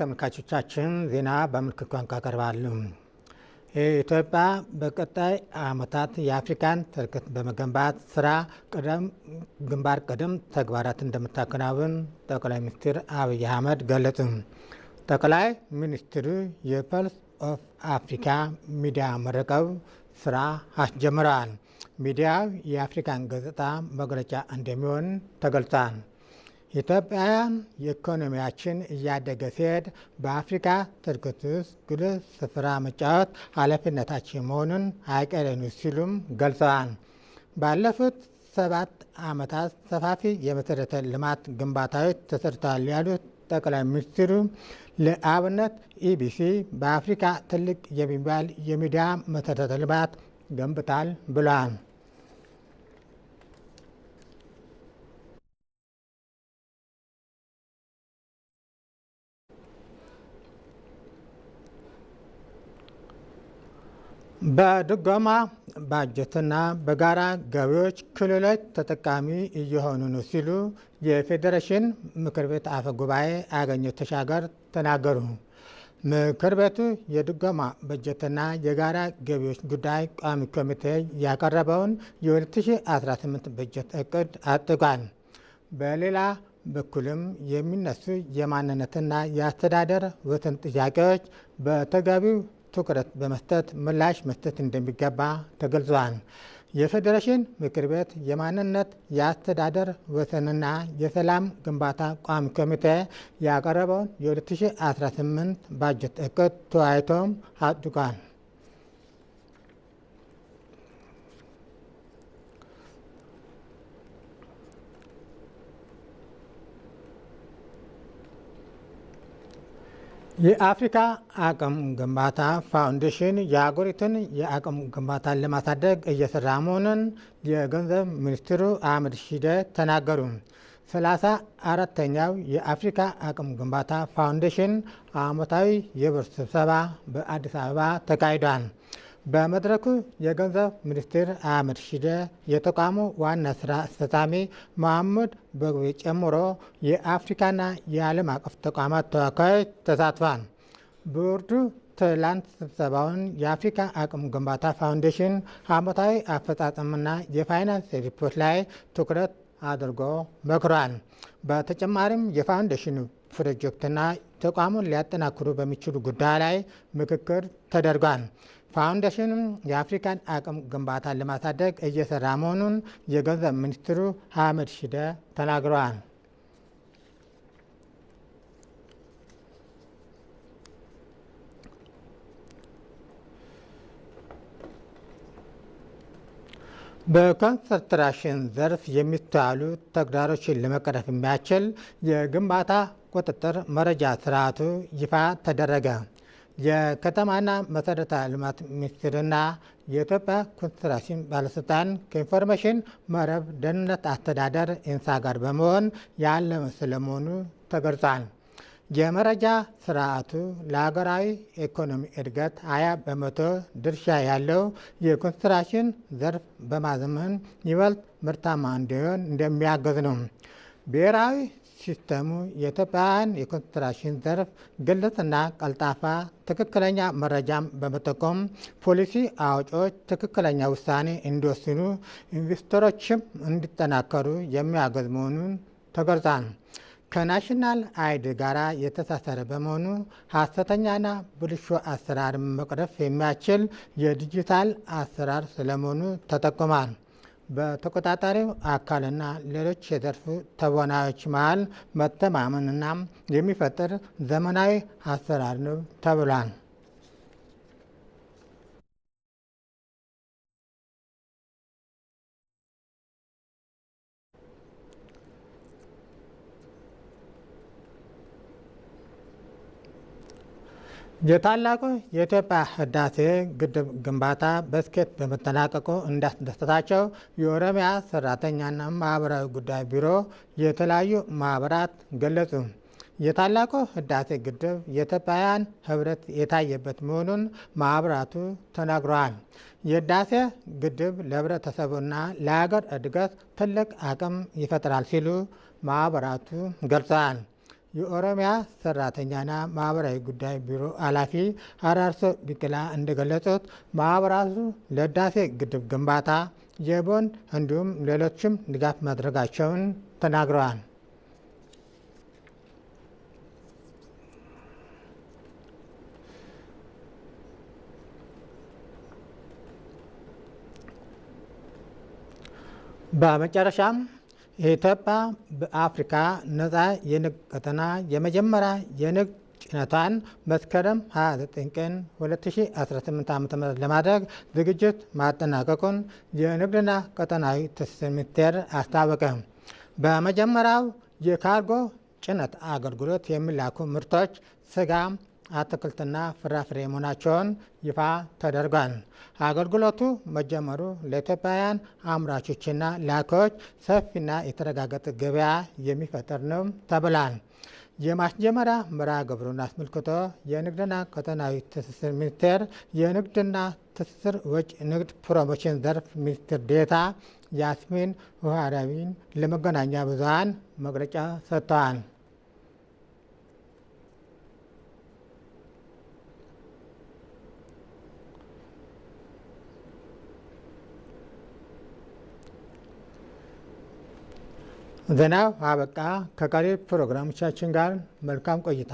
ተመልካቾቻችን ዜና በምልክት ቋንቋ ቀርባሉ። ኢትዮጵያ በቀጣይ ዓመታት የአፍሪካን ትርክት በመገንባት ስራ ግንባር ቀደም ተግባራት እንደምታከናውን ጠቅላይ ሚኒስትር አብይ አህመድ ገለጹ። ጠቅላይ ሚኒስትሩ የፐልስ ኦፍ አፍሪካ ሚዲያ መረቀብ ስራ አስጀምረዋል። ሚዲያው የአፍሪካን ገጽታ መግለጫ እንደሚሆን ተገልጿል። ኢትዮጵያውያን የኢኮኖሚያችን እያደገ ሲሄድ በአፍሪካ ትርክት ውስጥ ጉልህ ስፍራ መጫወት ኃላፊነታችን መሆኑን አይቀሬኑ ሲሉም ገልጸዋል። ባለፉት ሰባት ዓመታት ሰፋፊ የመሰረተ ልማት ግንባታዎች ተሰርተዋል ያሉት ጠቅላይ ሚኒስትሩ ለአብነት ኢቢሲ በአፍሪካ ትልቅ የሚባል የሚዲያ መሰረተ ልማት ገንብታል ብሏል። በድጎማ ባጀትና በጋራ ገቢዎች ክልሎች ተጠቃሚ እየሆኑ ነው ሲሉ የፌዴሬሽን ምክር ቤት አፈ ጉባኤ አገኘሁ ተሻገር ተናገሩ። ምክር ቤቱ የድጎማ በጀትና የጋራ ገቢዎች ጉዳይ ቋሚ ኮሚቴ ያቀረበውን የ2018 በጀት እቅድ አጥቋል። በሌላ በኩልም የሚነሱ የማንነትና የአስተዳደር ወሰን ጥያቄዎች በተገቢው ትኩረት በመስጠት ምላሽ መስጠት እንደሚገባ ተገልጿል። የፌዴሬሽን ምክር ቤት የማንነት የአስተዳደር ወሰንና የሰላም ግንባታ ቋሚ ኮሚቴ ያቀረበውን የ2018 ባጀት እቅድ ተወያይቶም አጽድቋል። የአፍሪካ አቅም ግንባታ ፋውንዴሽን የአገሪቱን የአቅም ግንባታ ለማሳደግ እየሰራ መሆኑን የገንዘብ ሚኒስትሩ አህመድ ሺደ ተናገሩ። ሰላሳ አራተኛው የአፍሪካ አቅም ግንባታ ፋውንዴሽን ዓመታዊ የብር ስብሰባ በአዲስ አበባ ተካሂዷል። በመድረኩ የገንዘብ ሚኒስትር አህመድ ሺደ የተቋሙ ዋና ስራ አስፈጻሚ መሐመድ በግቢ ጨምሮ የአፍሪካና የዓለም አቀፍ ተቋማት ተወካዮች ተሳትፏል። ቦርዱ ትላንት ስብሰባውን የአፍሪካ አቅም ግንባታ ፋውንዴሽን ዓመታዊ አፈጻጸምና የፋይናንስ ሪፖርት ላይ ትኩረት አድርጎ መክሯል። በተጨማሪም የፋውንዴሽኑ ፕሮጀክትና ተቋሙን ሊያጠናክሩ በሚችሉ ጉዳይ ላይ ምክክር ተደርጓል። ፋውንዴሽኑ የአፍሪካን አቅም ግንባታ ለማሳደግ እየሰራ መሆኑን የገንዘብ ሚኒስትሩ ሀመድ ሺደ ተናግረዋል። በኮንስትራክሽን ዘርፍ የሚታያሉ ተግዳሮችን ለመቀረፍ የሚያስችል የግንባታ ቁጥጥር መረጃ ስርዓቱ ይፋ ተደረገ። የከተማና መሰረተ ልማት ሚኒስቴርና የኢትዮጵያ ኮንስትራክሽን ባለስልጣን ከኢንፎርሜሽን መረብ ደህንነት አስተዳደር ኢንሳ ጋር በመሆን ያለመ ስለመሆኑ ተገልጿል። የመረጃ ስርዓቱ ለሀገራዊ ኢኮኖሚ እድገት 20 በመቶ ድርሻ ያለው የኮንስትራክሽን ዘርፍ በማዘመን ይበልጥ ምርታማ እንዲሆን እንደሚያገዝ ነው። ብሔራዊ ሲስተሙ የኢትዮጵያውያን የኮንስትራክሽን ዘርፍ ግልጽና ቀልጣፋ፣ ትክክለኛ መረጃም በመጠቆም ፖሊሲ አውጪዎች ትክክለኛ ውሳኔ እንዲወስኑ፣ ኢንቨስተሮችም እንዲጠናከሩ የሚያገዝ መሆኑን ተገልጿል። ከናሽናል አይድ ጋር የተሳሰረ በመሆኑ ሀሰተኛና ብልሹ አሰራር መቅረፍ የሚያስችል የዲጂታል አሰራር ስለመሆኑ ተጠቁሟል። በተቆጣጣሪው አካልና ሌሎች የዘርፉ ተዋናዮች መሀል መተማመንና የሚፈጥር ዘመናዊ አሰራር ነው ተብሏል። የታላቁ የኢትዮጵያ ህዳሴ ግድብ ግንባታ በስኬት በመጠናቀቁ እንዳስደሰታቸው የኦሮሚያ ሰራተኛና ማህበራዊ ጉዳይ ቢሮ የተለያዩ ማህበራት ገለጹ። የታላቁ ህዳሴ ግድብ የኢትዮጵያውያን ህብረት የታየበት መሆኑን ማህበራቱ ተናግረዋል። የህዳሴ ግድብ ለህብረተሰቡና ለሀገር እድገት ትልቅ አቅም ይፈጥራል ሲሉ ማህበራቱ ገልጸዋል። የኦሮሚያ ሰራተኛና ማህበራዊ ጉዳይ ቢሮ ኃላፊ አራርሶ ቢቅላ እንደገለጹት ማህበራቱ ለህዳሴ ግድብ ግንባታ የቦን እንዲሁም ሌሎችም ድጋፍ ማድረጋቸውን ተናግረዋል። በመጨረሻም የኢትዮጵያ በአፍሪካ ነፃ የንግድ ቀጠና የመጀመሪያ የንግድ ጭነቷን መስከረም 29 ቀን 2018 ዓ ም ለማድረግ ዝግጅት ማጠናቀቁን የንግድና ቀጠናዊ ትስስር ሚኒስቴር አስታወቀ። በመጀመሪያው የካርጎ ጭነት አገልግሎት የሚላኩ ምርቶች ስጋ አትክልትና ፍራፍሬ መሆናቸውን ይፋ ተደርጓል። አገልግሎቱ መጀመሩ ለኢትዮጵያውያን አምራቾችና ላኪዎች ሰፊና የተረጋገጠ ገበያ የሚፈጥር ነው ተብሏል። የማስጀመሪያ መርሃ ግብሩን አስመልክቶ የንግድና ቀጠናዊ ትስስር ሚኒስቴር የንግድና ትስስር ወጪ ንግድ ፕሮሞሽን ዘርፍ ሚኒስትር ዴታ ያስሚን ውሃዳቢን ለመገናኛ ብዙሃን መግለጫ ሰጥተዋል። ዜናው አበቃ። ከቀሪ ፕሮግራሞቻችን ጋር መልካም ቆይታ